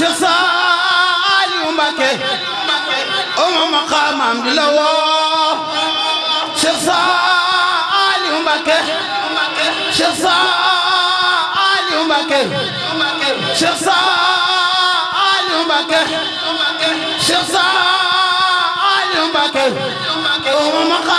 Cheikh Saliou Mbacké oma maqaamam di la woo Cheikh Saliou Mbacké Cheikh Saliou Mbacké Cheikh Saliou Mbacké Cheikh Saliou Mbacké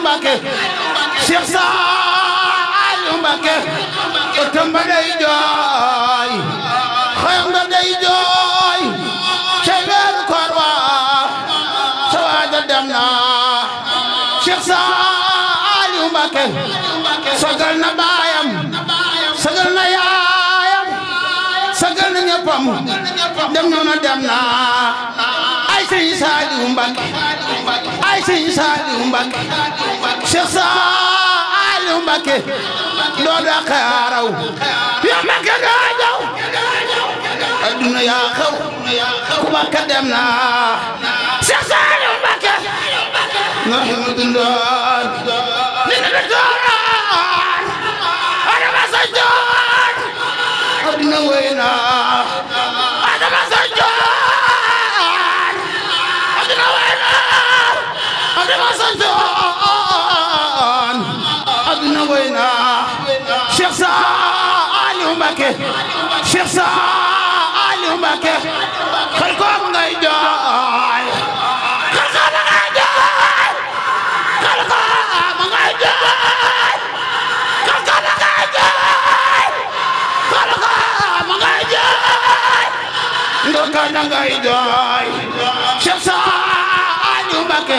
Mbàkke Cheikh Saliou Mbàkke ëttam sagal na baayam sagal na yaayam sagal na ñëppam dem noona dem na ay sëriñ Saaliw Mbàkke ay sëriñ Saaliw Mbàkke Cheikh Saaliw Mbàkke doo dàq araw yaa Mbàkke daa jaw adduna yaa xaw ku Mbàkke dem naa Cheikh Saaliw Mbàkke noo fi mu dundoon ni nga doonoon ana ma sa joon adduna wéy naa ndeysaan aduna wéy na Cheikh Saliou Mbacké Cheikh Saliou Mbacké xal koom ngay jooy xal koom ngay jooy xal koom ngay jooy xal koom ngay jooy xal koom ngay jooy ndokana ngay jooy Cheikh Saliou Mbacké